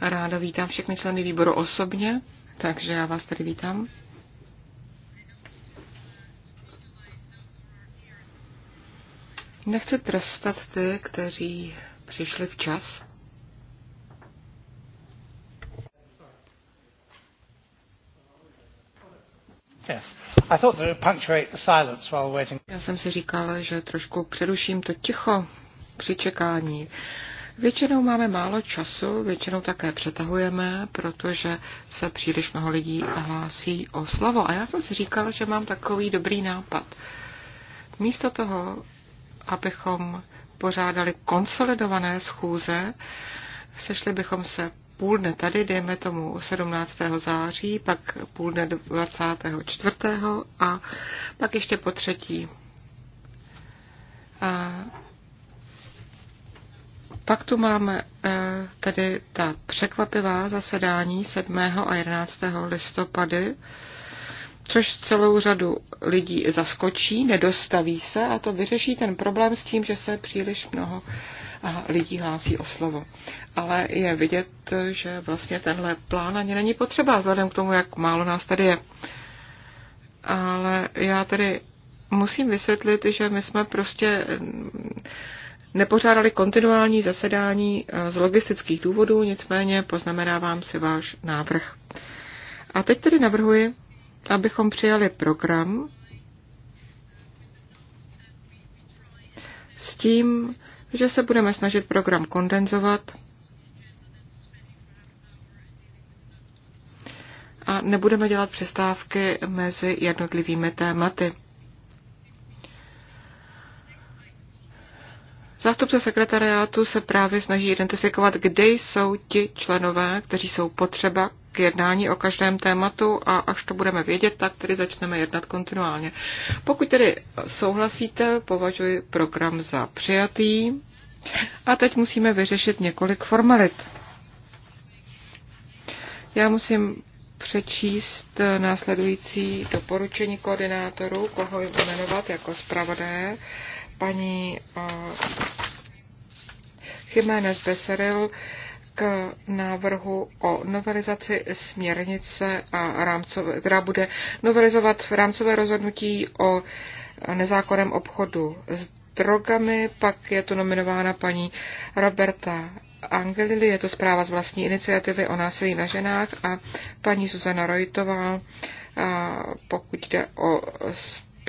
Ráda vítám všechny členy výboru osobně, takže já vás tady vítám. Nechci trestat ty, kteří přišli včas. Já jsem si říkal, že trošku přeruším to ticho při čekání. Většinou máme málo času, většinou také přetahujeme, protože se příliš mnoho lidí hlásí o slovo. A já jsem si říkala, že mám takový dobrý nápad. Místo toho, abychom pořádali konsolidované schůze, sešli bychom se půl dne tady, dejme tomu 17. září, pak půl dne 24. a pak ještě po třetí. A pak tu máme eh, tedy ta překvapivá zasedání 7. a 11. listopady, což celou řadu lidí zaskočí, nedostaví se a to vyřeší ten problém s tím, že se příliš mnoho eh, lidí hlásí o slovo. Ale je vidět, že vlastně tenhle plán ani není potřeba, vzhledem k tomu, jak málo nás tady je. Ale já tedy musím vysvětlit, že my jsme prostě nepořádali kontinuální zasedání eh, z logistických důvodů, nicméně poznamenávám si váš návrh. A teď tedy navrhuji, abychom přijali program s tím, že se budeme snažit program kondenzovat a nebudeme dělat přestávky mezi jednotlivými tématy. Zástupce sekretariátu se právě snaží identifikovat, kde jsou ti členové, kteří jsou potřeba k jednání o každém tématu a až to budeme vědět, tak tedy začneme jednat kontinuálně. Pokud tedy souhlasíte, považuji program za přijatý. A teď musíme vyřešit několik formalit. Já musím přečíst následující doporučení koordinátorů, koho jmenovat jako zpravodaje paní eh, Jiménez Beseril k návrhu o novelizaci směrnice, a rámcové, která bude novelizovat v rámcové rozhodnutí o nezákonném obchodu s drogami. Pak je tu nominována paní Roberta Angelili, je to zpráva z vlastní iniciativy o násilí na ženách a paní Suzana Rojtová, pokud jde o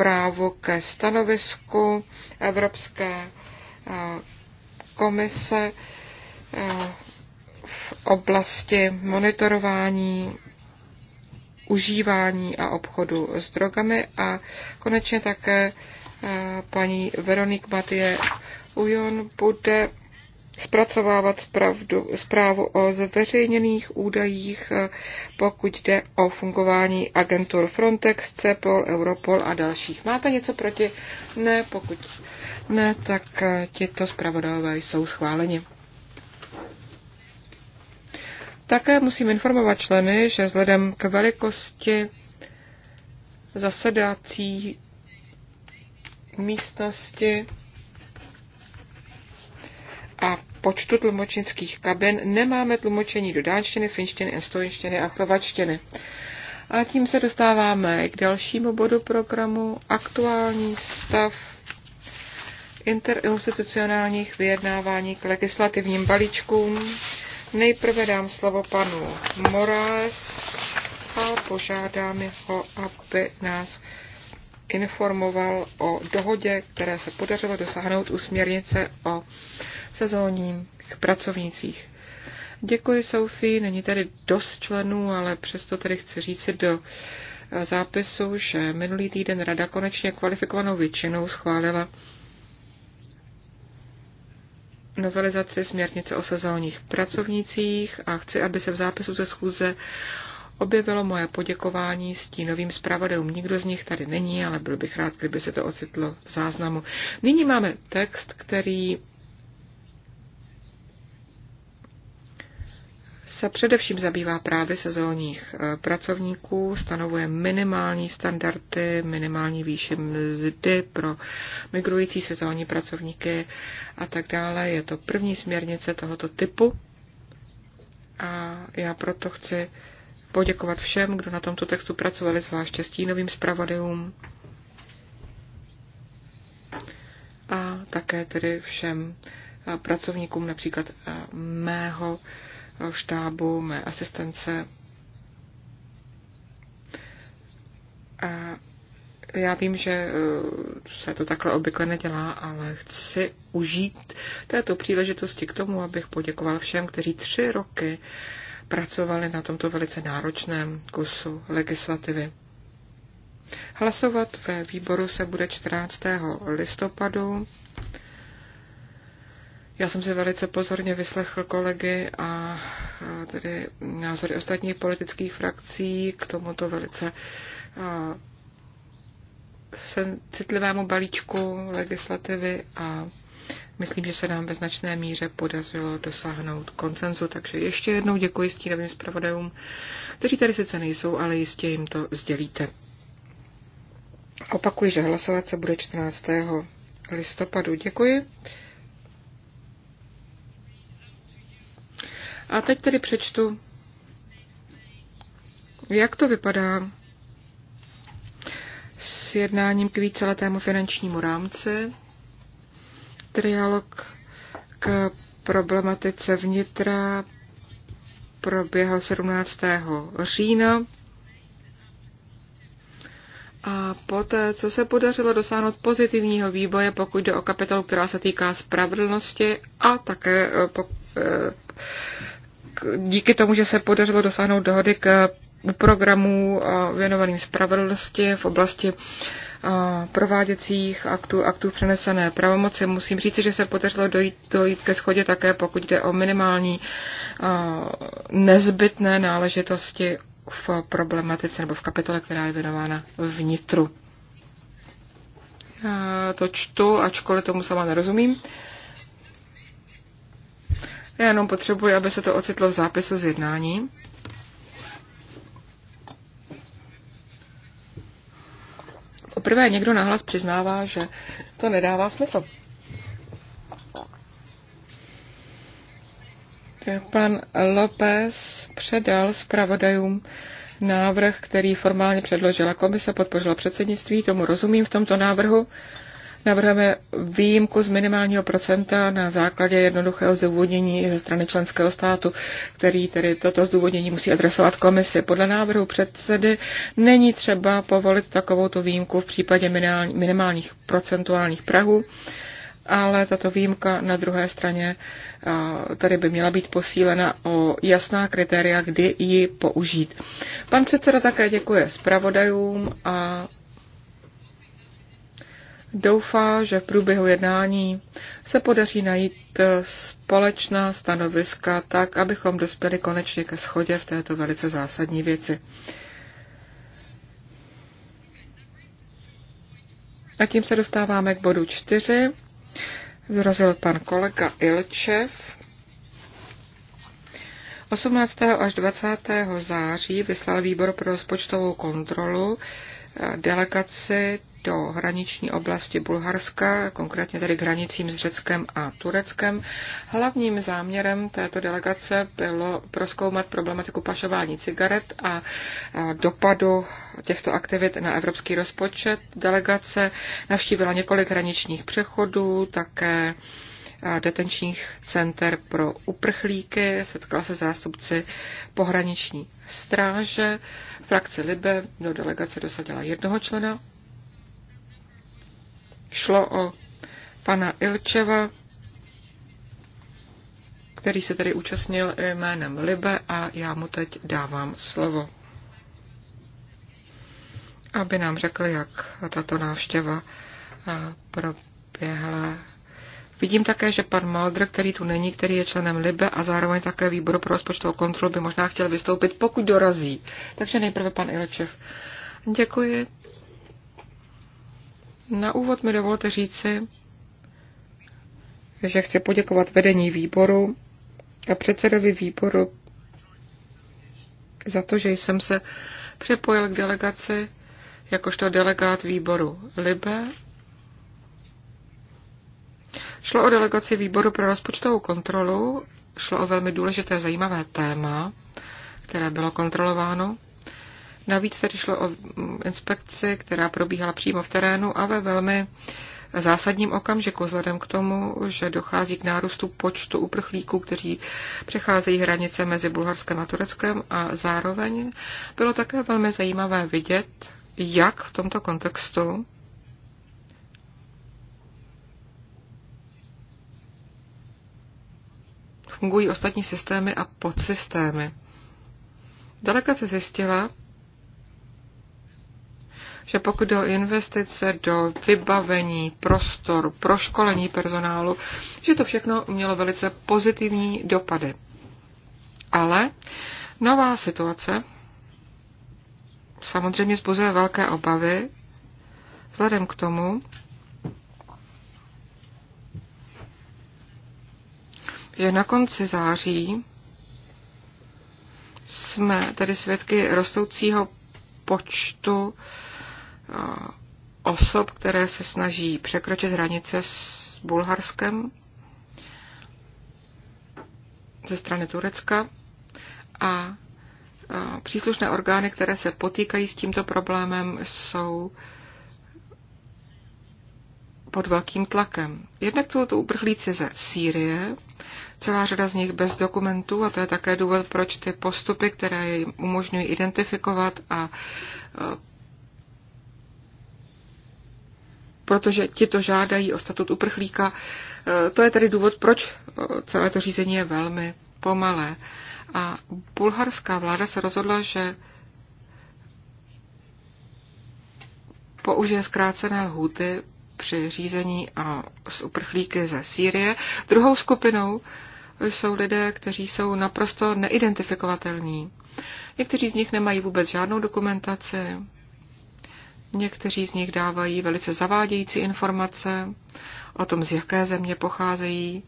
právo ke stanovisku Evropské eh, komise eh, v oblasti monitorování užívání a obchodu s drogami a konečně také eh, paní Veronik Matie Ujon bude zpracovávat zpravdu, zprávu o zveřejněných údajích, eh, pokud jde o fungování agentur Frontex, CEPOL, Europol a dalších. Máte něco proti? Ne, pokud ne, tak eh, těto zpravodajové jsou schváleni. Také musím informovat členy, že vzhledem k velikosti zasedací místnosti a počtu tlumočnických kabin nemáme tlumočení do dánštiny, finštiny, estonštiny a chrovačtiny. A tím se dostáváme k dalšímu bodu programu aktuální stav interinstitucionálních vyjednávání k legislativním balíčkům. Nejprve dám slovo panu Morales a požádám ho, aby nás informoval o dohodě, které se podařilo dosáhnout u směrnice o sezónních pracovnících. Děkuji, Sophie. Není tady dost členů, ale přesto tady chci říct do eh, zápisu, že minulý týden Rada konečně kvalifikovanou většinou schválila novelizaci směrnice o sezónních pracovnicích a chci, aby se v zápisu ze schůze objevilo moje poděkování novým zpravodajům. Nikdo z nich tady není, ale byl bych rád, kdyby se to ocitlo v záznamu. Nyní máme text, který se především zabývá právě sezónních eh, pracovníků, stanovuje minimální standardy, minimální výši mzdy pro migrující sezónní pracovníky a tak dále. Je to první směrnice tohoto typu a já proto chci poděkovat všem, kdo na tomto textu pracovali, zvláště stínovým zpravodajům a také tedy všem eh, pracovníkům například eh, mého štábu, mé asistence. A já vím, že eh, se to takhle obvykle nedělá, ale chci užít této příležitosti k tomu, abych poděkoval všem, kteří tři roky pracovali na tomto velice náročném kusu legislativy. Hlasovat ve výboru se bude 14. listopadu já jsem si velice pozorně vyslechl kolegy a tedy názory ostatních politických frakcí k tomuto velice citlivému balíčku legislativy a myslím, že se nám ve značné míře podařilo dosáhnout koncenzu. Takže ještě jednou děkuji stínovým zpravodajům, kteří tady sice nejsou, ale jistě jim to sdělíte. Opakuji, že hlasovat se bude 14. listopadu. Děkuji. A teď tedy přečtu, jak to vypadá s jednáním k víceletému finančnímu rámci, trialog k problematice vnitra proběhl 17. října. A poté, co se podařilo dosáhnout pozitivního výboje, pokud jde o kapitolu, která se týká spravedlnosti a také eh, eh, díky tomu, že se podařilo dosáhnout dohody k programů věnovaným spravedlnosti v oblasti prováděcích aktů, aktů přenesené pravomoci. Musím říct, že se podařilo dojít, dojít ke schodě také, pokud jde o minimální nezbytné náležitosti v problematice nebo v kapitole, která je věnována vnitru. Já to čtu, ačkoliv tomu sama nerozumím. Já jenom potřebuji, aby se to ocitlo v zápisu z jednání. Poprvé někdo nahlas přiznává, že to nedává smysl. Pan López předal zpravodajům návrh, který formálně předložila komise, podpořila předsednictví, tomu rozumím v tomto návrhu. Navrhujeme výjimku z minimálního procenta na základě jednoduchého zdůvodnění ze strany členského státu, který tedy toto zdůvodnění musí adresovat komisi. Podle návrhu předsedy není třeba povolit takovouto výjimku v případě minimálních procentuálních prahů, ale tato výjimka na druhé straně tady by měla být posílena o jasná kritéria, kdy ji použít. Pan předseda také děkuje zpravodajům a doufá, že v průběhu jednání se podaří najít společná stanoviska tak, abychom dospěli konečně ke schodě v této velice zásadní věci. A tím se dostáváme k bodu čtyři. Vyrazil pan kolega Ilčev. 18. až 20. září vyslal výbor pro rozpočtovou kontrolu delegaci do hraniční oblasti Bulharska, konkrétně tedy k hranicím s Řeckem a Tureckem. Hlavním záměrem této delegace bylo proskoumat problematiku pašování cigaret a dopadu těchto aktivit na evropský rozpočet. Delegace navštívila několik hraničních přechodů, také detenčních center pro uprchlíky, setkala se zástupci pohraniční stráže, frakce Libe do delegace dosadila jednoho člena Šlo o pana Ilčeva, který se tady účastnil jménem Libe a já mu teď dávám slovo, aby nám řekl, jak tato návštěva eh, proběhla. Vidím také, že pan Maldr, který tu není, který je členem Libe a zároveň také výboru pro rozpočtovou kontrolu, by možná chtěl vystoupit, pokud dorazí. Takže nejprve pan Ilčev. Děkuji, na úvod mi dovolte říci, že chci poděkovat vedení výboru a předsedovi výboru za to, že jsem se připojil k delegaci jakožto delegát výboru Libe. Šlo o delegaci výboru pro rozpočtovou kontrolu, šlo o velmi důležité zajímavé téma, které bylo kontrolováno. Navíc tedy šlo o inspekci, která probíhala přímo v terénu a ve velmi zásadním okamžiku, vzhledem k tomu, že dochází k nárůstu počtu uprchlíků, kteří přecházejí hranice mezi Bulharskem a Tureckem a zároveň bylo také velmi zajímavé vidět, jak v tomto kontextu fungují ostatní systémy a podsystémy. Delegace zjistila, že pokud jde o investice do vybavení, prostor, proškolení personálu, že to všechno mělo velice pozitivní dopady. Ale nová situace samozřejmě zbuzuje velké obavy, vzhledem k tomu, že na konci září jsme tedy svědky rostoucího počtu Eh, osob, které se snaží překročit hranice s Bulharskem ze strany Turecka a eh, příslušné orgány, které se potýkají s tímto problémem, jsou pod velkým tlakem. Jednak jsou to uprchlíci ze Sýrie, celá řada z nich bez dokumentů a to je také důvod, proč ty postupy, které jim umožňují identifikovat a eh, protože ti to žádají o statut uprchlíka. E, to je tedy důvod, proč e, celé to řízení je velmi pomalé. A bulharská vláda se rozhodla, že použije zkrácené lhuty při řízení a s uprchlíky ze Sýrie. Druhou skupinou jsou lidé, kteří jsou naprosto neidentifikovatelní. Někteří z nich nemají vůbec žádnou dokumentaci, Někteří z nich dávají velice zavádějící informace o tom, z jaké země pocházejí,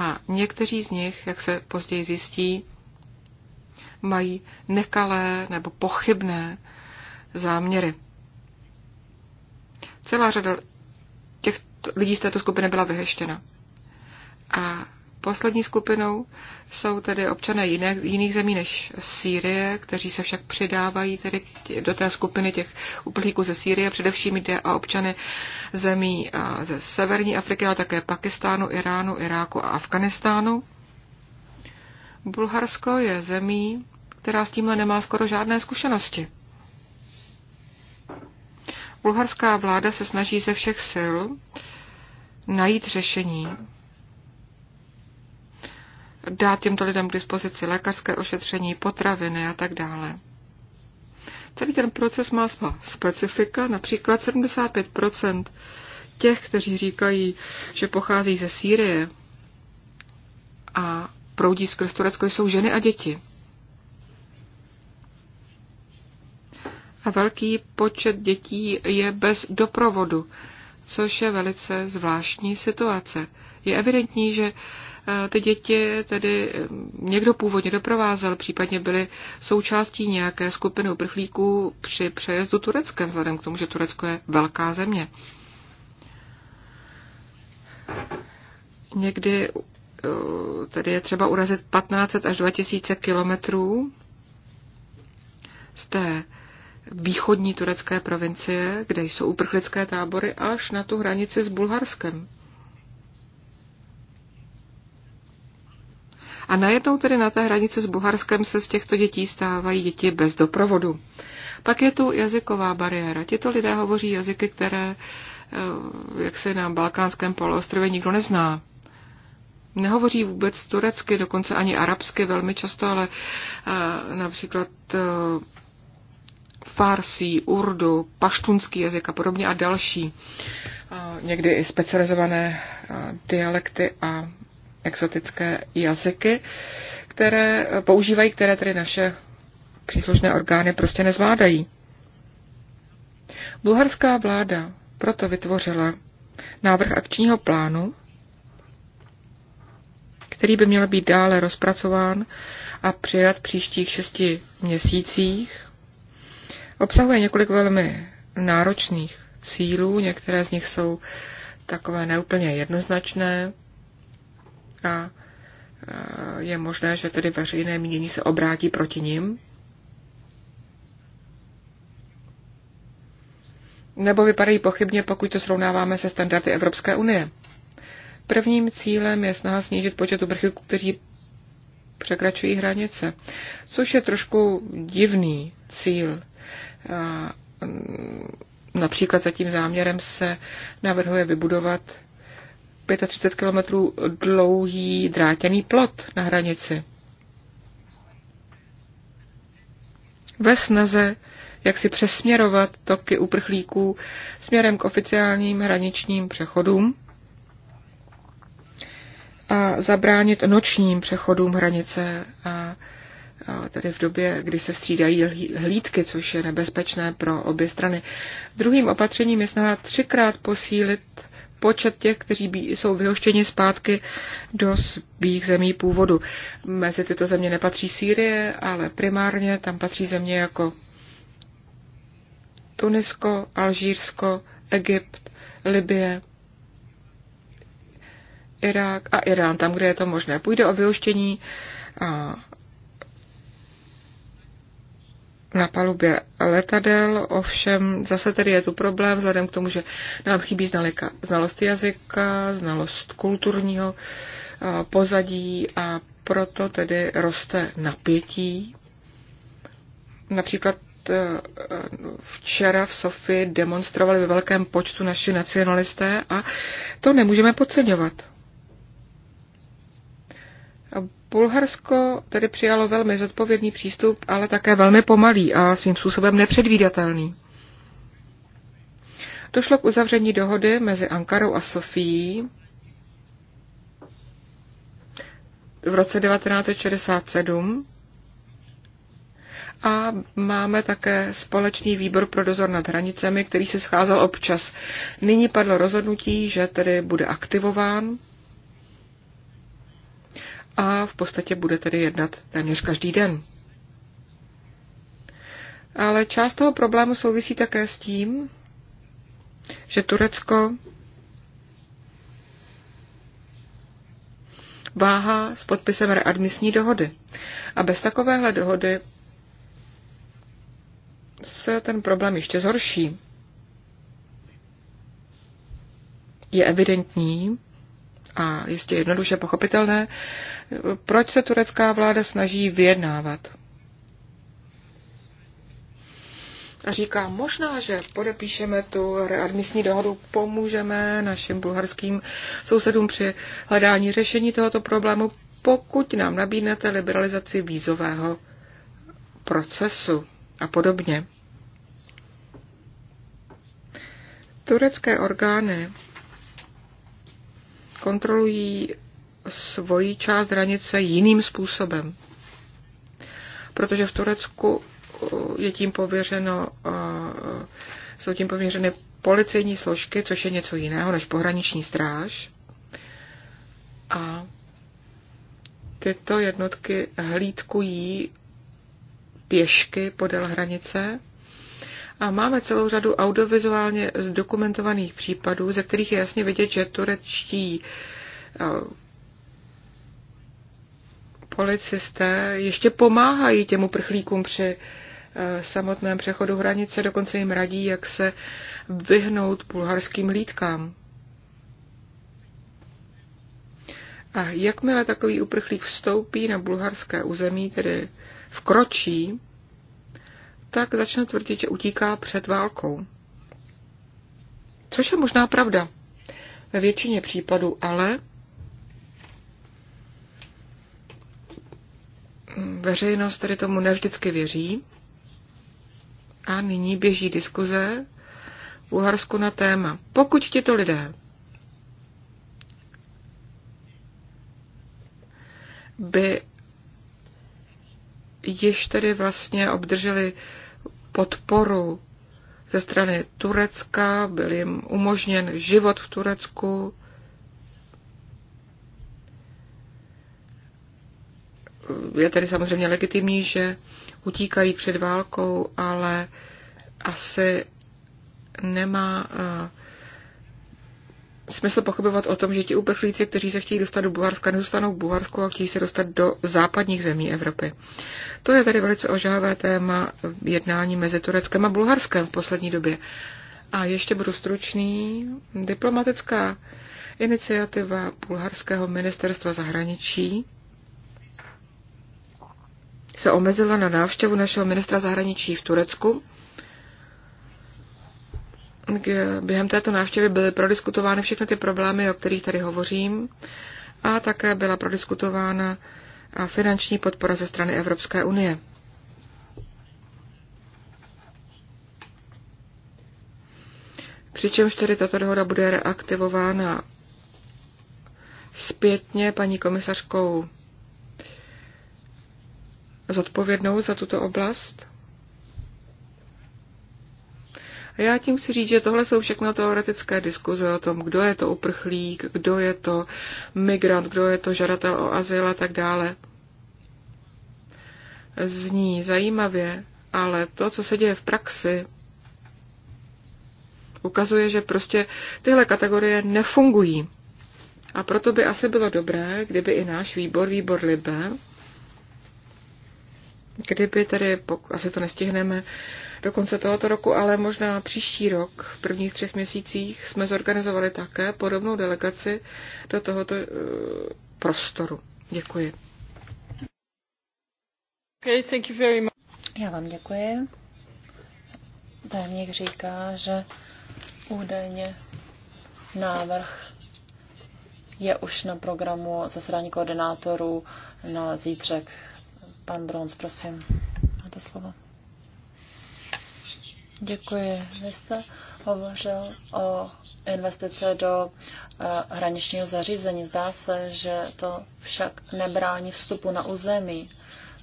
a někteří z nich, jak se později zjistí, mají nekalé nebo pochybné záměry. Celá řada těch lidí z této skupiny byla vyheštěna. A Poslední skupinou jsou tedy občané jiné, jiných zemí než Sýrie, kteří se však přidávají tedy do té skupiny těch uprchlíků ze Sýrie. Především jde o občany zemí ze severní Afriky, ale také Pakistánu, Iránu, Iráku a Afganistánu. Bulharsko je zemí, která s tímhle nemá skoro žádné zkušenosti. Bulharská vláda se snaží ze všech sil najít řešení dát těmto lidem k dispozici lékařské ošetření, potraviny a tak dále. Celý ten proces má svá specifika, například 75 těch, kteří říkají, že pochází ze Sýrie a proudí skrz Turecko, jsou ženy a děti. A velký počet dětí je bez doprovodu, což je velice zvláštní situace. Je evidentní, že ty děti tedy eh, někdo původně doprovázel, případně byly součástí nějaké skupiny uprchlíků při přejezdu Tureckem, vzhledem k tomu, že Turecko je velká země. Někdy eh, tedy je třeba urazit 1500 až 2000 kilometrů z té východní turecké provincie, kde jsou uprchlické tábory, až na tu hranici s Bulharskem. A najednou tedy na té hranici s Bulharskem se z těchto dětí stávají děti bez doprovodu. Pak je tu jazyková bariéra. Tito lidé hovoří jazyky, které eh, jak se na balkánském poloostrově nikdo nezná. Nehovoří vůbec turecky, dokonce ani arabsky velmi často, ale eh, například eh, farsí, urdu, paštunský jazyk a podobně a další. Někdy i specializované dialekty a exotické jazyky, které používají, které tedy naše příslušné orgány prostě nezvládají. Bulharská vláda proto vytvořila návrh akčního plánu, který by měl být dále rozpracován a přijat v příštích šesti měsících. Obsahuje několik velmi náročných cílů, některé z nich jsou takové neúplně jednoznačné a e, je možné, že tedy veřejné mínění se obrátí proti ním. Nebo vypadají pochybně, pokud to srovnáváme se standardy Evropské unie. Prvním cílem je snaha snížit počet uprchlíků, kteří překračují hranice, což je trošku divný cíl. E, například za tím záměrem se navrhuje vybudovat 35 kilometrů dlouhý drátěný plot na hranici. Ve snaze, jak si přesměrovat toky uprchlíků směrem k oficiálním hraničním přechodům a zabránit nočním přechodům hranice a tedy v době, kdy se střídají hlídky, což je nebezpečné pro obě strany. Druhým opatřením je snaha třikrát posílit počet těch, kteří bí, jsou vyhoštěni zpátky do svých zemí původu. Mezi tyto země nepatří Sýrie, ale primárně tam patří země jako Tunisko, Alžírsko, Egypt, Libie, Irák a Irán, tam, kde je to možné. Půjde o vyhoštění na palubě letadel, ovšem zase tady je tu problém, vzhledem k tomu, že nám chybí znalika, znalost jazyka, znalost kulturního eh, pozadí a proto tedy roste napětí. Například eh, včera v Sofii demonstrovali ve velkém počtu naši nacionalisté a to nemůžeme podceňovat. Bulharsko tedy přijalo velmi zodpovědný přístup, ale také velmi pomalý a svým způsobem nepředvídatelný. Došlo k uzavření dohody mezi Ankarou a Sofií v roce 1967 a máme také společný výbor pro dozor nad hranicemi, který se scházel občas. Nyní padlo rozhodnutí, že tedy bude aktivován a v podstatě bude tedy jednat téměř každý den. Ale část toho problému souvisí také s tím, že Turecko váhá s podpisem readmisní dohody. A bez takovéhle dohody se ten problém ještě zhorší. Je evidentní, a jistě jednoduše pochopitelné, proč se turecká vláda snaží vyjednávat. A říká, možná, že podepíšeme tu readmisní dohodu, pomůžeme našim bulharským sousedům při hledání řešení tohoto problému, pokud nám nabídnete liberalizaci vízového procesu a podobně. Turecké orgány kontrolují svoji část hranice jiným způsobem. Protože v Turecku eh, je tím pověřeno, eh, jsou tím pověřeny policejní složky, což je něco jiného než pohraniční stráž. A tyto jednotky hlídkují pěšky podél hranice a máme celou řadu audiovizuálně zdokumentovaných případů, ze kterých je jasně vidět, že turečtí eh, policisté ještě pomáhají těm uprchlíkům při eh, samotném přechodu hranice, dokonce jim radí, jak se vyhnout bulharským hlídkám. A jakmile takový uprchlík vstoupí na bulharské území, tedy vkročí, tak začne tvrdit, že utíká před válkou. Což je možná pravda ve většině případů, ale veřejnost tedy tomu nevždycky věří. A nyní běží diskuze v Uharsku na téma. Pokud tito lidé by již tedy vlastně obdrželi podporu ze strany Turecka, byl jim umožněn život v Turecku. Je tedy samozřejmě legitimní, že utíkají před válkou, ale asi nemá uh, smysl pochybovat o tom, že ti uprchlíci, kteří se chtějí dostat do Bulharska, nezůstanou v Bulharsku a chtějí se dostat do západních zemí Evropy. To je tady velice ožahavé téma jednání mezi Tureckem a Bulharskem v poslední době. A ještě budu stručný. Diplomatická iniciativa bulharského ministerstva zahraničí se omezila na návštěvu našeho ministra zahraničí v Turecku během této návštěvy byly prodiskutovány všechny ty problémy, o kterých tady hovořím, a také byla prodiskutována finanční podpora ze strany Evropské unie. Přičemž tedy tato dohoda bude reaktivována zpětně paní komisařkou zodpovědnou za tuto oblast. Já tím chci říct, že tohle jsou všechno teoretické diskuze o tom, kdo je to uprchlík, kdo je to migrant, kdo je to žadatel o azyl a tak dále. Zní zajímavě, ale to, co se děje v praxi, ukazuje, že prostě tyhle kategorie nefungují. A proto by asi bylo dobré, kdyby i náš výbor, výbor Libe, kdyby tedy, asi to nestihneme, do konce tohoto roku, ale možná příští rok, v prvních třech měsících, jsme zorganizovali také podobnou delegaci do tohoto eh, prostoru. Děkuji. Okay, thank you very much. Já vám děkuji. Tajemník říká, že údajně návrh je už na programu zasedání koordinátorů na zítřek. Pan Brons, prosím, máte slovo. Děkuji. Vy jste hovořil o investice do eh, hraničního zařízení. Zdá se, že to však nebrání vstupu na území.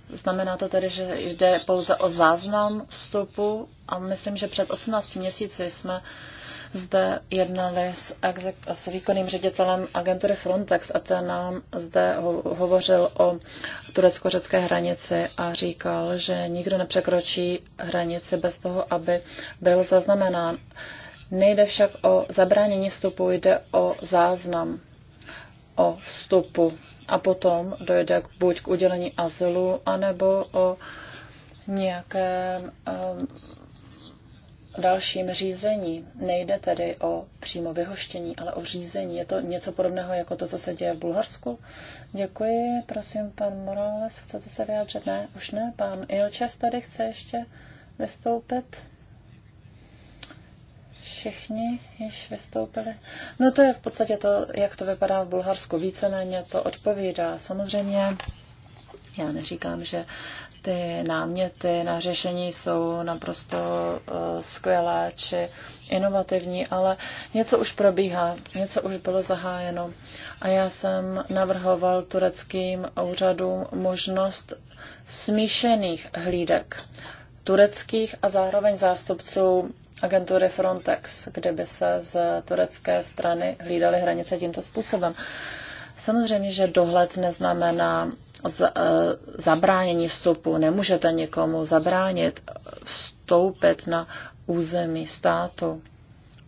Znamená to tedy, že jde pouze o záznam vstupu a myslím, že před 18 měsíci jsme uh, zde jednali s, exek- s výkonným ředitelem agentury Frontex a ten nám zde ho- hovořil o turecko-řecké hranici a říkal, že nikdo nepřekročí hranici bez toho, aby byl zaznamenán. Nejde však o zabránění vstupu, jde o záznam o vstupu a potom dojde k, buď k udělení azylu, anebo o nějakém um, dalším řízení. Nejde tedy o přímo vyhoštění, ale o řízení. Je to něco podobného jako to, co se děje v Bulharsku? Děkuji. Prosím, pan Morales, chcete se vyjádřit? Ne, už ne. Pan Ilčev tady chce ještě vystoupit. Všichni již vystoupili. No to je v podstatě to, jak to vypadá v Bulharsku. Víceméně to odpovídá. Samozřejmě já neříkám, že ty náměty na řešení jsou naprosto eh, skvělé či inovativní, ale něco už probíhá, něco už bylo zahájeno. A já jsem navrhoval tureckým úřadům možnost smíšených hlídek tureckých a zároveň zástupců agentury Frontex, kde by se z turecké strany hlídaly hranice tímto způsobem. Samozřejmě, že dohled neznamená Eh, zabránění vstupu. Nemůžete někomu zabránit vstoupit na území státu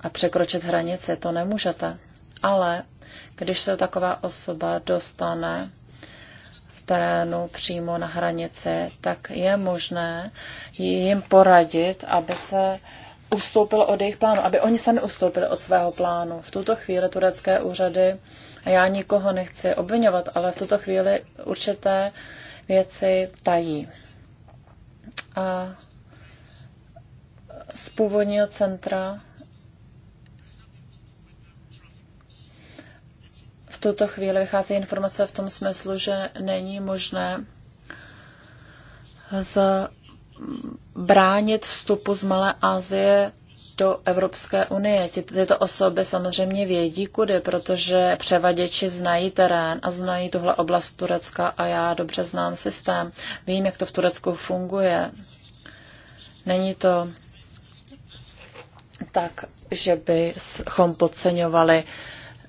a překročit hranice to nemůžete. Ale když se taková osoba dostane v terénu přímo na hranici, tak je možné jim poradit, aby se ustoupil od jejich plánu, aby oni sami ustoupili od svého plánu. V tuto chvíli turecké úřady a Já nikoho nechci obvinovat, ale v tuto chvíli určité věci tají. A z původního centra v tuto chvíli vychází informace v tom smyslu, že není možné zbránit vstupu z Malé Asie do Evropské unie. Tyto osoby samozřejmě vědí kudy, protože převaděči znají terén a znají tuhle oblast Turecka a já dobře znám systém. Vím, jak to v Turecku funguje. Není to tak, že bychom podceňovali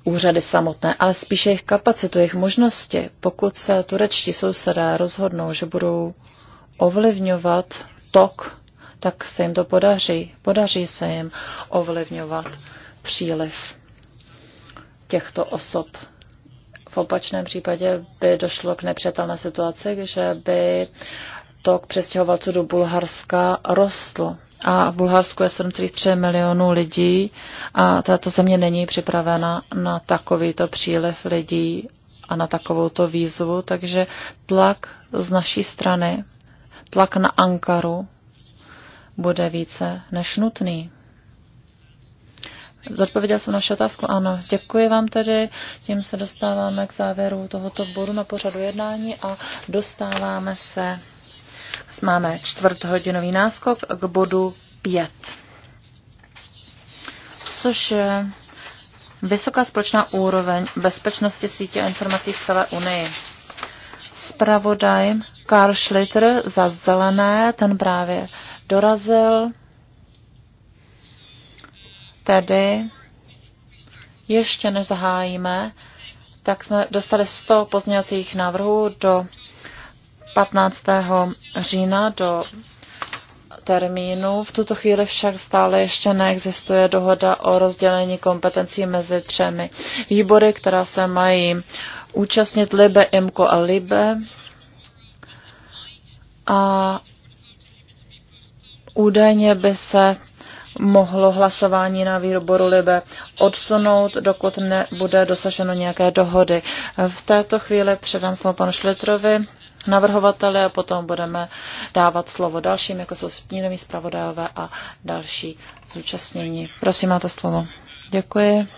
úřady samotné, ale spíše jejich kapacitu, jejich možnosti. Pokud se turečtí sousedé rozhodnou, že budou ovlivňovat tok tak se jim to podaří. Podaří se jim ovlivňovat příliv těchto osob. V opačném případě by došlo k nepřetelné situaci, že by tok přestěhovalců do Bulharska rostl. A v Bulharsku je 7,3 milionů lidí a tato země není připravena na takovýto příliv lidí a na takovouto výzvu, takže tlak z naší strany, tlak na Ankaru bude více než nutný. Zodpověděl jsem naši otázku? Ano. Děkuji vám tedy. Tím se dostáváme k závěru tohoto bodu na pořadu jednání a dostáváme se, máme čtvrthodinový náskok k bodu 5, což je vysoká společná úroveň bezpečnosti sítě a informací v celé Unii. Spravodaj Karl Schlitter za zelené, ten právě dorazil. Tedy ještě než zahájíme, tak jsme dostali 100 pozměňovacích návrhů do 15. října do termínu. V tuto chvíli však stále ještě neexistuje dohoda o rozdělení kompetencí mezi třemi výbory, která se mají účastnit Libe, Imko a Libe. A Údajně by se mohlo hlasování na výboru Libe odsunout, dokud nebude dosaženo nějaké dohody. V této chvíli předám slovo panu Šlitrovi, navrhovateli a potom budeme dávat slovo dalším, jako jsou stínoví zpravodajové a další zúčastnění. Prosím, máte slovo. Děkuji.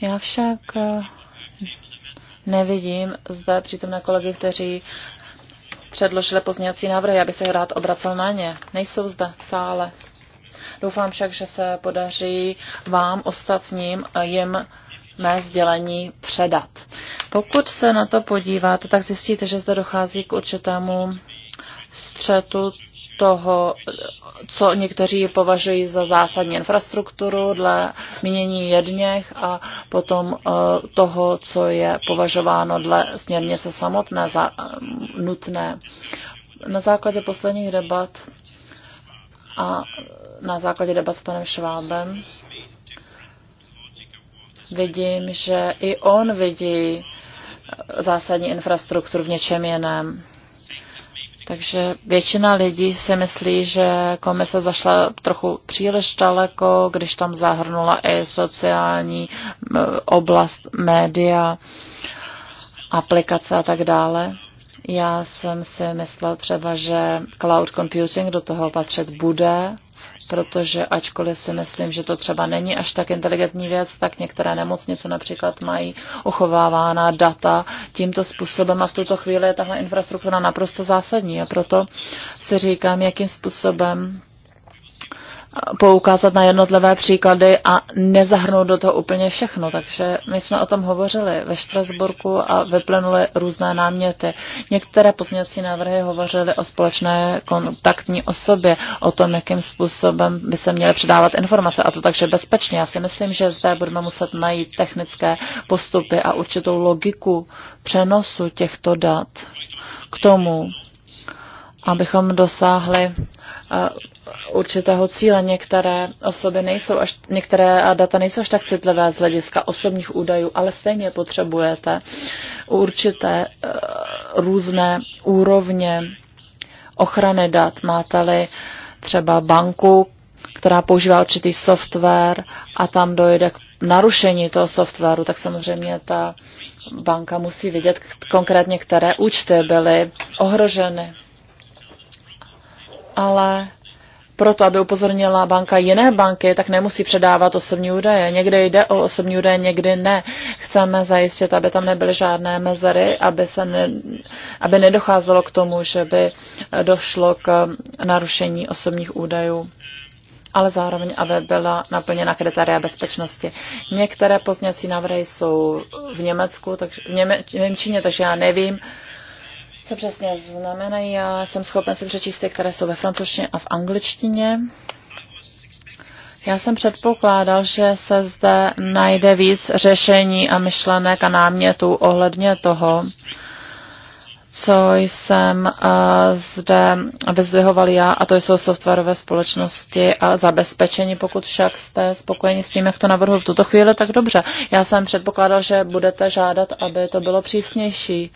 Já však eh, nevidím zde přítomné kolegy, kteří předložili pozměňovací návrhy, já bych se rád obracel na ně. Nejsou zde v sále. Doufám však, že se podaří vám ostatním jim mé sdělení předat. Pokud se na to podíváte, tak zjistíte, že zde dochází k určitému střetu toho, co někteří považují za zásadní infrastrukturu dle mínění jedněch a potom eh, toho, co je považováno dle směrnice samotné za eh, nutné. Na základě posledních debat a na základě debat s panem Švábem vidím, že i on vidí eh, zásadní infrastrukturu v něčem jiném. Takže většina lidí si myslí, že komise zašla trochu příliš daleko, když tam zahrnula i sociální oblast, média, aplikace a tak dále. Já jsem si myslel třeba, že cloud computing do toho patřit bude, protože ačkoliv si myslím, že to třeba není až tak inteligentní věc, tak některé nemocnice například mají uchovávána data tímto způsobem a v tuto chvíli je tahle infrastruktura naprosto zásadní a proto si říkám, jakým způsobem poukázat na jednotlivé příklady a nezahrnout do toho úplně všechno. Takže my jsme o tom hovořili ve Štrasburku a vyplynuly různé náměty. Některé pozměňovací návrhy hovořily o společné kontaktní osobě, o tom, jakým způsobem by se měly předávat informace a to takže bezpečně. Já si myslím, že zde budeme muset najít technické postupy a určitou logiku přenosu těchto dat k tomu, abychom dosáhli eh, určitého cíle. Některé osoby nejsou až, některé data nejsou až tak citlivé z hlediska osobních údajů, ale stejně potřebujete určité eh, různé úrovně ochrany dat. Máte-li třeba banku, která používá určitý software a tam dojde k narušení toho softwaru, tak samozřejmě ta banka musí vidět konkrétně, které účty byly ohroženy. Ale proto, aby upozornila banka jiné banky, tak nemusí předávat osobní údaje. Někdy jde o osobní údaje, někdy ne. Chceme zajistit, aby tam nebyly žádné mezery, aby, se ne, aby nedocházelo k tomu, že by došlo k narušení osobních údajů ale zároveň, aby byla naplněna kritéria bezpečnosti. Některé pozněcí návrhy jsou v Německu, takže v, Něme, v Němčině, takže já nevím, uh, co přesně znamenají. Já jsem schopen si přečíst ty, které jsou ve francouzštině a v angličtině. Já jsem předpokládal, že se zde najde víc řešení a myšlenek a námětů ohledně toho, co jsem eh, zde vyzdvihoval já, a to jsou softwarové společnosti a zabezpečení. Pokud však jste spokojeni s tím, jak to navrhuji v tuto chvíli, tak dobře. Já jsem předpokládal, že budete žádat, aby to bylo přísnější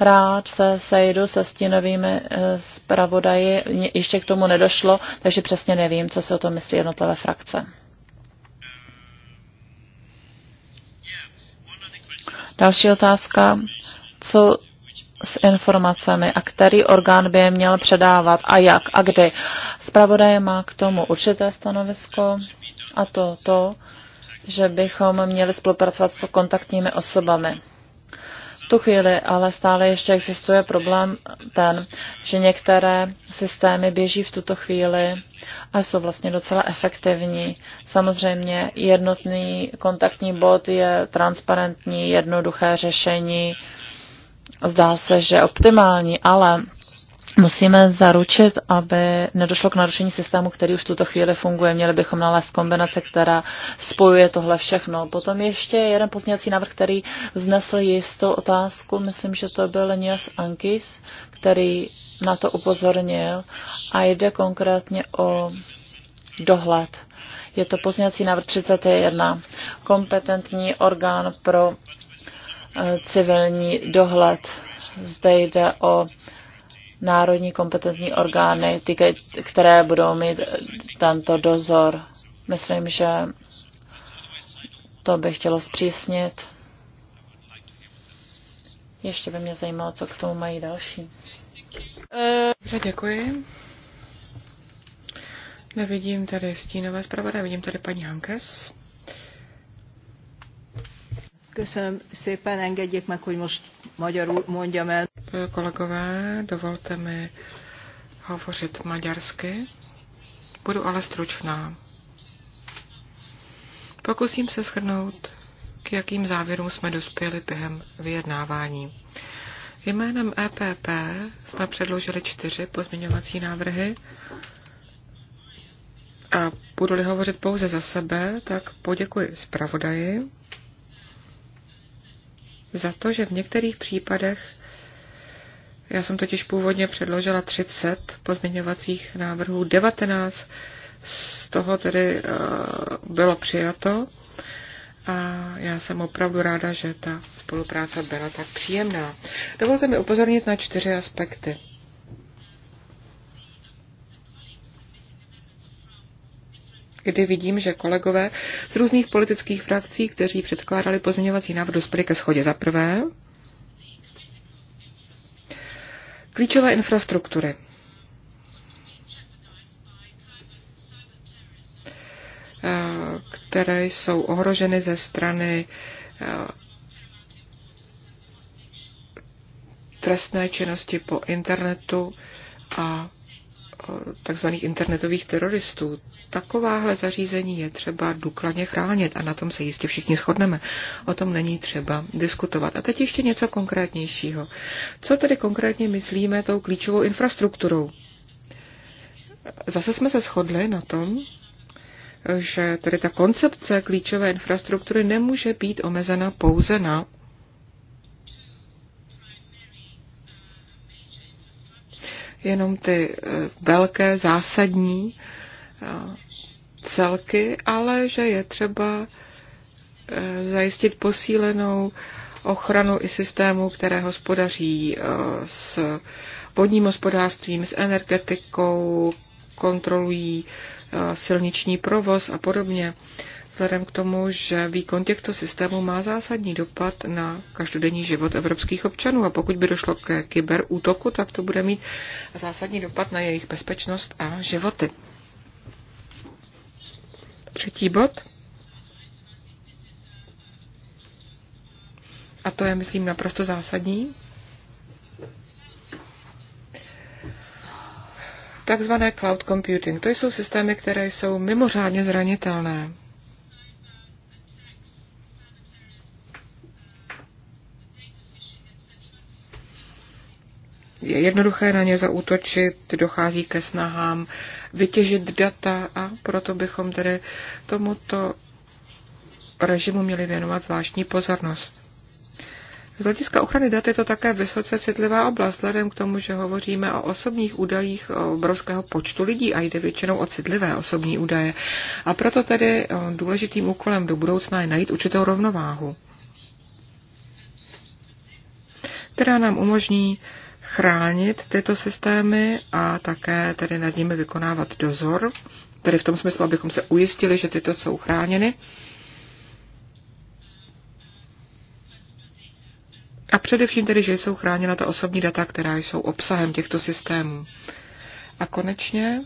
rád se sejdu se stínovými eh, zpravodaji. Ještě k tomu nedošlo, takže přesně nevím, co si o tom myslí jednotlivé frakce. Další otázka. Co s informacemi a který orgán by je měl předávat a jak a kdy. Zpravodaj má k tomu určité stanovisko a to to, že bychom měli spolupracovat s kontaktními osobami tu chvíli ale stále ještě existuje problém ten, že některé systémy běží v tuto chvíli a jsou vlastně docela efektivní. Samozřejmě jednotný kontaktní bod je transparentní, jednoduché řešení, zdá se, že optimální, ale Musíme zaručit, aby nedošlo k narušení systému, který už v tuto chvíli funguje. Měli bychom nalézt kombinace, která spojuje tohle všechno. Potom ještě jeden pozměňovací návrh, který vznesl jistou otázku. Myslím, že to byl Nias Ankis, který na to upozornil a jde konkrétně o dohled. Je to pozměňovací návrh 31. Kompetentní orgán pro eh, civilní dohled. Zde jde o národní kompetentní orgány, ty, které budou mít tento dozor. Myslím, že to by chtělo zpřísnit. Ještě by mě zajímalo, co k tomu mají další. Dobře, děkuji. Nevidím tady stínové zpravodaje, vidím tady paní Hankes. Köszönöm szépen, engedjék meg, hogy most magyarul mondjam el kolegové, dovolte mi hovořit maďarsky. Budu ale stručná. Pokusím se shrnout, k jakým závěrům jsme dospěli během vyjednávání. Jménem EPP jsme předložili čtyři pozměňovací návrhy a budu-li hovořit pouze za sebe, tak poděkuji zpravodaji za to, že v některých případech já jsem totiž původně předložila 30 pozměňovacích návrhů, 19 z toho tedy eh, bylo přijato a já jsem opravdu ráda, že ta spolupráce byla tak příjemná. Dovolte mi upozornit na čtyři aspekty. kdy vidím, že kolegové z různých politických frakcí, kteří předkládali pozměňovací návrh, dospěli ke schodě za prvé, Klíčové infrastruktury. Eh, které jsou ohroženy ze strany eh, trestné činnosti po internetu a tzv. internetových teroristů. Takováhle zařízení je třeba důkladně chránit a na tom se jistě všichni shodneme. O tom není třeba diskutovat. A teď ještě něco konkrétnějšího. Co tedy konkrétně myslíme tou klíčovou infrastrukturou? Zase jsme se shodli na tom, že tedy ta koncepce klíčové infrastruktury nemůže být omezena pouze na jenom ty eh, velké zásadní eh, celky, ale že je třeba eh, zajistit posílenou ochranu i systému, které hospodaří s vodním hospodářstvím, s energetikou, kontrolují silniční provoz a podobně vzhledem k tomu, že výkon těchto systémů má zásadní dopad na každodenní život evropských občanů a pokud by došlo ke kyberútoku, tak to bude mít zásadní dopad na jejich bezpečnost a životy. Třetí bod. A to je, myslím, naprosto zásadní. Takzvané cloud computing. To jsou systémy, které jsou mimořádně zranitelné. je jednoduché na ně zaútočit, dochází ke snahám vytěžit data a proto bychom tedy tomuto režimu měli věnovat zvláštní pozornost. Z hlediska ochrany dat je to také vysoce citlivá oblast, vzhledem k tomu, že hovoříme o osobních údajích obrovského počtu lidí a jde většinou o citlivé osobní údaje. A proto tedy eh, důležitým úkolem do budoucna je najít určitou rovnováhu, která nám umožní chránit tyto systémy a také tedy nad nimi vykonávat dozor, tedy v tom smyslu, abychom se ujistili, že tyto jsou chráněny. A především tedy, že jsou chráněna ta osobní data, která jsou obsahem těchto systémů. A konečně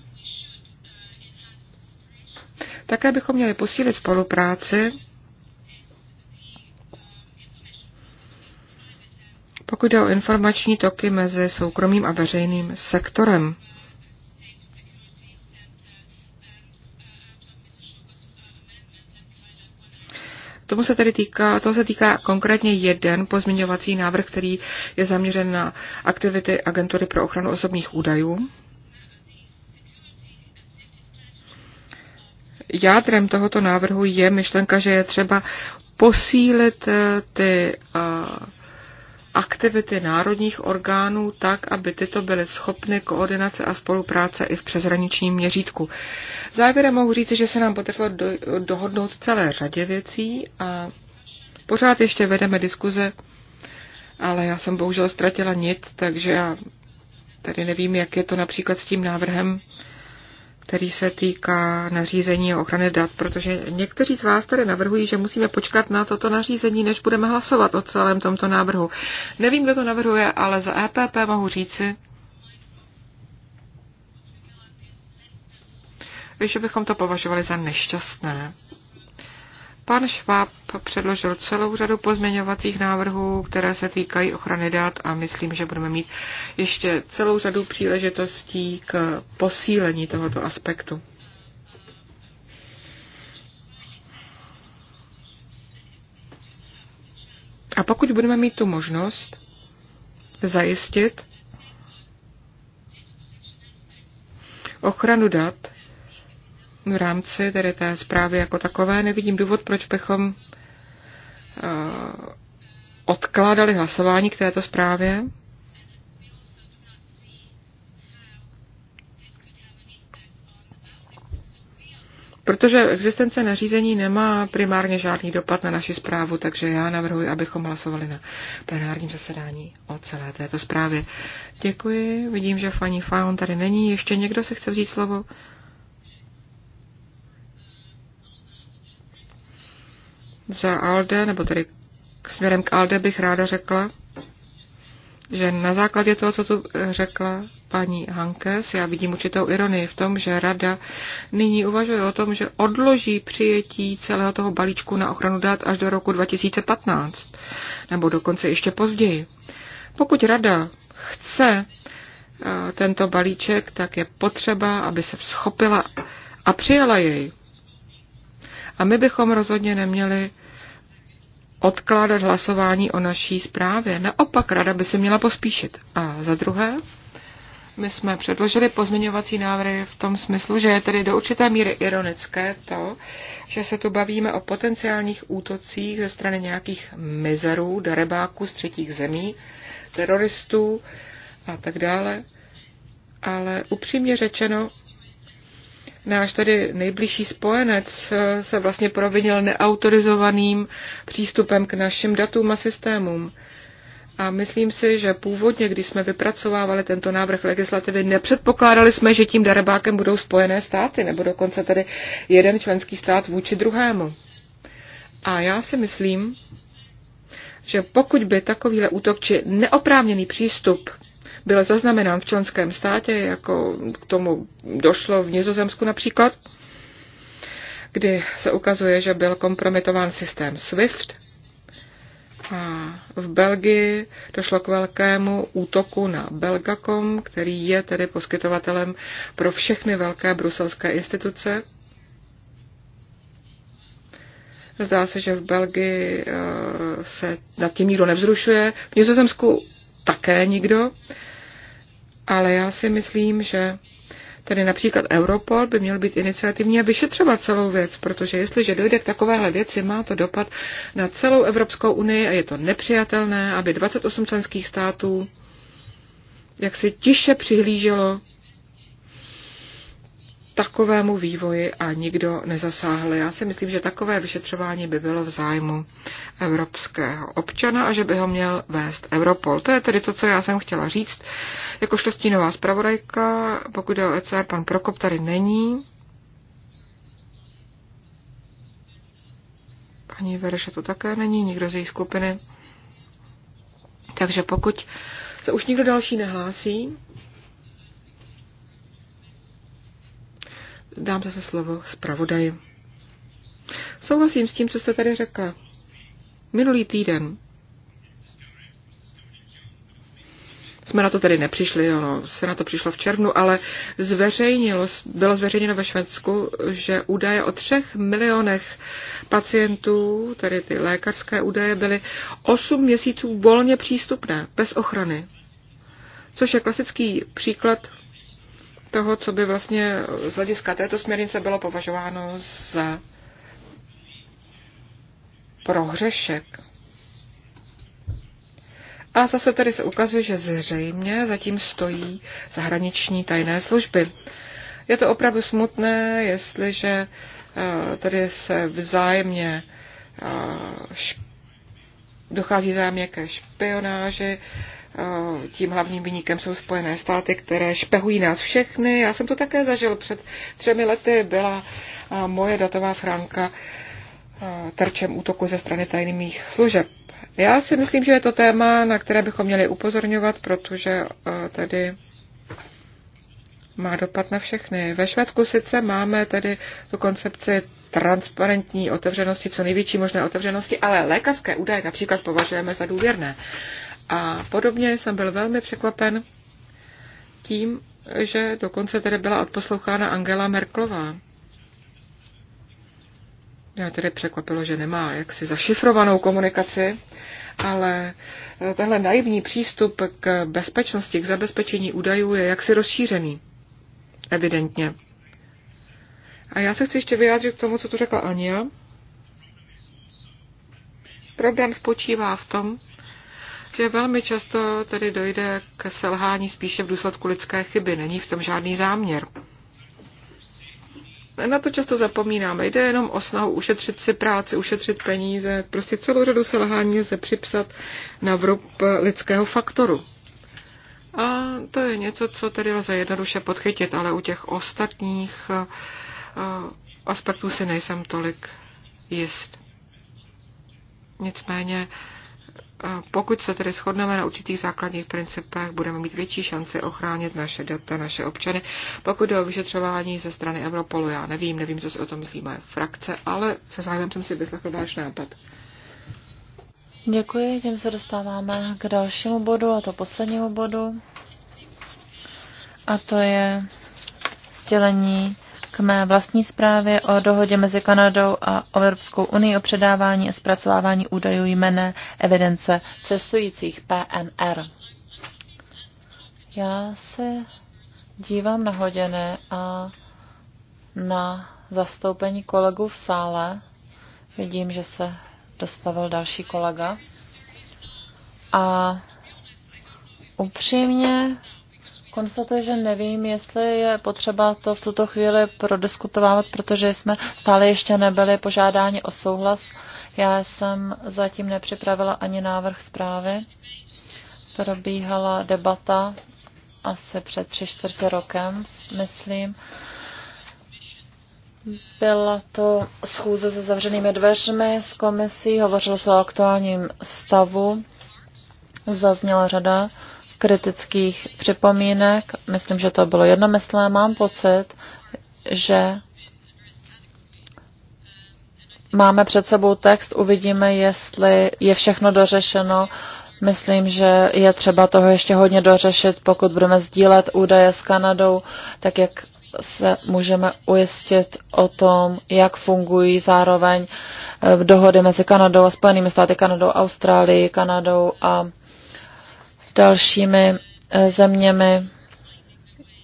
také bychom měli posílit spolupráci pokud jde o informační toky mezi soukromým a veřejným sektorem. Tomu se tedy týká, to se týká konkrétně jeden pozměňovací návrh, který je zaměřen na aktivity Agentury pro ochranu osobních údajů. Jádrem tohoto návrhu je myšlenka, že je třeba posílit eh, ty uh, aktivity národních orgánů tak, aby tyto byly schopny koordinace a spolupráce i v přeshraničním měřítku. Závěrem mohu říct, že se nám podařilo do, dohodnout celé řadě věcí a pořád ještě vedeme diskuze, ale já jsem bohužel ztratila nic, takže já tady nevím, jak je to například s tím návrhem který se týká nařízení o ochrany dat, protože někteří z vás tady navrhují, že musíme počkat na toto nařízení, než budeme hlasovat o celém tomto návrhu. Nevím, kdo to navrhuje, ale za EPP mohu říci, že bychom to považovali za nešťastné. Pan Schwab předložil celou řadu pozměňovacích návrhů, které se týkají ochrany dat a myslím, že budeme mít ještě celou řadu příležitostí k posílení tohoto aspektu. A pokud budeme mít tu možnost zajistit ochranu dat v rámci tedy té zprávy jako takové. Nevidím důvod, proč bychom eh, odkládali hlasování k této zprávě. Protože existence nařízení nemá primárně žádný dopad na naši zprávu, takže já navrhuji, abychom hlasovali na plenárním zasedání o celé této zprávě. Děkuji, vidím, že paní Fajon tady není. Ještě někdo se chce vzít slovo? za ALDE, nebo tedy směrem k ALDE bych ráda řekla, že na základě toho, co tu řekla paní Hankes, já vidím určitou ironii v tom, že rada nyní uvažuje o tom, že odloží přijetí celého toho balíčku na ochranu dát až do roku 2015, nebo dokonce ještě později. Pokud rada chce eh, tento balíček, tak je potřeba, aby se schopila a přijala jej. A my bychom rozhodně neměli odkládat hlasování o naší zprávě. Naopak rada by se měla pospíšit. A za druhé, my jsme předložili pozměňovací návrhy v tom smyslu, že je tedy do určité míry ironické to, že se tu bavíme o potenciálních útocích ze strany nějakých mizerů, darebáků z třetích zemí, teroristů a tak dále. Ale upřímně řečeno, náš tedy nejbližší spojenec se vlastně provinil neautorizovaným přístupem k našim datům a systémům. A myslím si, že původně, když jsme vypracovávali tento návrh legislativy, nepředpokládali jsme, že tím darebákem budou spojené státy, nebo dokonce tedy jeden členský stát vůči druhému. A já si myslím, že pokud by takovýhle útok či neoprávněný přístup byl zaznamenán v členském státě, jako k tomu došlo v Nizozemsku například, kdy se ukazuje, že byl kompromitován systém SWIFT. A v Belgii došlo k velkému útoku na Belgacom, který je tedy poskytovatelem pro všechny velké bruselské instituce. Zdá se, že v Belgii eh, se nad tím nikdo nevzrušuje. V Nizozemsku také nikdo ale já si myslím, že tedy například Europol by měl být iniciativní a vyšetřovat celou věc, protože jestliže dojde k takovéhle věci, má to dopad na celou Evropskou unii a je to nepřijatelné, aby 28 členských států jak se tiše přihlíželo takovému vývoji a nikdo nezasáhl. Já si myslím, že takové vyšetřování by bylo v zájmu evropského občana a že by ho měl vést Europol. To je tedy to, co já jsem chtěla říct. Jako šlostínová zpravodajka, pokud je o ECR, pan Prokop tady není. Paní Vereša tu také není, nikdo z její skupiny. Takže pokud se už nikdo další nehlásí, dám zase slovo zpravodaji. Souhlasím s tím, co jste tady řekla. Minulý týden jsme na to tedy nepřišli, ono se na to přišlo v červnu, ale zveřejnilo, bylo zveřejněno ve Švédsku, že údaje o třech milionech pacientů, tedy ty lékařské údaje, byly osm měsíců volně přístupné, bez ochrany. Což je klasický příklad toho, co by vlastně z hlediska této směrnice bylo považováno za prohřešek. A zase tady se ukazuje, že zřejmě zatím stojí zahraniční tajné služby. Je to opravdu smutné, jestliže eh, tady se vzájemně eh, dochází zájemně ke špionáži, Eh, tím hlavním vyníkem jsou Spojené státy, které špehují nás všechny. Já jsem to také zažil před třemi lety. Byla eh, moje datová schránka eh, terčem útoku ze strany tajných služeb. Já si myslím, že je to téma, na které bychom měli upozorňovat, protože tady má dopad na všechny. Ve Švédsku sice máme tedy tu koncepci transparentní otevřenosti, co největší možné otevřenosti, ale lékařské údaje například považujeme za důvěrné. A podobně jsem byl velmi překvapen tím, že dokonce tedy byla odposlouchána Angela Merklová. Mě tedy překvapilo, že nemá jaksi zašifrovanou komunikaci, ale eh, tenhle naivní přístup k bezpečnosti, k zabezpečení údajů je jaksi rozšířený. Evidentně. A já se chci ještě vyjádřit k tomu, co tu řekla Ania. Problém spočívá v tom, že velmi často tady dojde k selhání spíše v důsledku lidské chyby. Není v tom žádný záměr. Na to často zapomínáme. Jde jenom o snahu ušetřit si práci, ušetřit peníze. Prostě celou řadu selhání se připsat na vrub lidského faktoru. A to je něco, co tedy lze jednoduše podchytit, ale u těch ostatních eh, eh, aspektů si nejsem tolik jist. Nicméně pokud se tedy shodneme na určitých základních principech, budeme mít větší šanci ochránit naše data, naše občany. Pokud jde o vyšetřování ze strany Europolu, já nevím, nevím, co si o tom myslí moje frakce, ale se zájmem jsem si vyslechl váš nápad. Děkuji, tím se dostáváme k dalšímu bodu, a to poslednímu bodu. A to je sdělení k mé vlastní zprávě o dohodě mezi Kanadou a Evropskou unii o předávání a zpracovávání údajů jmene evidence cestujících PNR. Já se dívám na hodiny a na zastoupení kolegů v sále. Vidím, že se dostavil další kolega. A upřímně Konstatuji, že nevím, jestli je potřeba to v tuto chvíli prodiskutovat, protože jsme stále ještě nebyli požádáni o souhlas. Já jsem zatím nepřipravila ani návrh zprávy. Probíhala debata asi před tři čtvrtě rokem, myslím. Byla to schůze se zavřenými dveřmi s komisí, hovořilo se o aktuálním stavu, zazněla řada kritických připomínek. Myslím, že to bylo jednomyslné. Mám pocit, že máme před sebou text, uvidíme, jestli je všechno dořešeno. Myslím, že je třeba toho ještě hodně dořešit, pokud budeme sdílet údaje s Kanadou, tak jak se můžeme ujistit o tom, jak fungují zároveň eh, dohody mezi Kanadou a Spojenými státy, Kanadou, Austrálií, Kanadou a dalšími eh, zeměmi,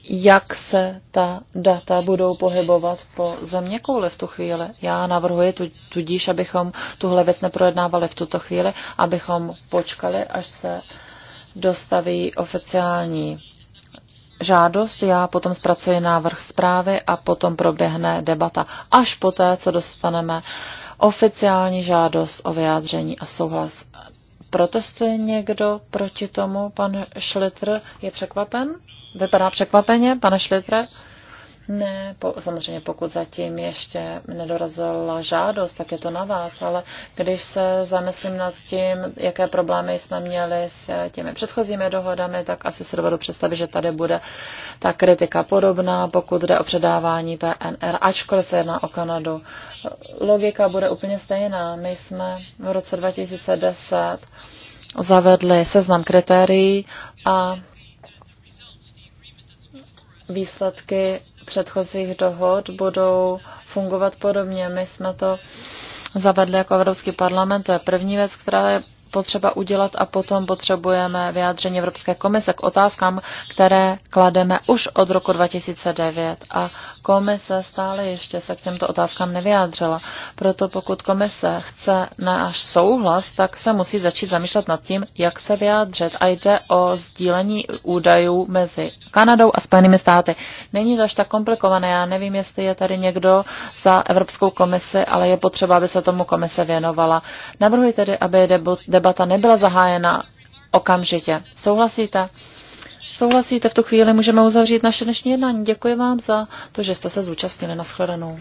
jak se ta data budou pohybovat po země kouli v tu chvíli. Já navrhuji tudíž, abychom tuhle věc neprojednávali v tuto chvíli, abychom počkali, až se dostaví oficiální žádost, já potom zpracuji návrh zprávy a potom proběhne debata. Až poté, co dostaneme oficiální žádost o vyjádření a souhlas Protestuje někdo proti tomu? Pan Schlitter je překvapen? Vypadá překvapeně, pane Schlitter? Ne, po, samozřejmě pokud zatím ještě nedorazila žádost, tak je to na vás, ale když se zamyslím nad tím, jaké problémy jsme měli s těmi předchozími dohodami, tak asi se dovedu představit, že tady bude ta kritika podobná, pokud jde o předávání PNR, ačkoliv se jedná o Kanadu. Logika bude úplně stejná. My jsme v roce 2010 zavedli seznam kritérií a výsledky předchozích dohod budou fungovat podobně. My jsme to zavedli jako Evropský parlament. To je první věc, která je potřeba udělat a potom potřebujeme vyjádření Evropské komise k otázkám, které klademe už od roku 2009 a komise stále ještě se k těmto otázkám nevyjádřila. Proto pokud komise chce náš souhlas, tak se musí začít zamýšlet nad tím, jak se vyjádřit a jde o sdílení údajů mezi Kanadou a Spojenými státy. Není to až tak komplikované, já nevím, jestli je tady někdo za Evropskou komisi, ale je potřeba, aby se tomu komise věnovala. Navrhuji tedy, aby debu- debata nebyla zahájena okamžitě. Souhlasíte? Souhlasíte, v tu chvíli můžeme uzavřít naše dnešní jednání. Děkuji vám za to, že jste se zúčastnili. Naschledanou.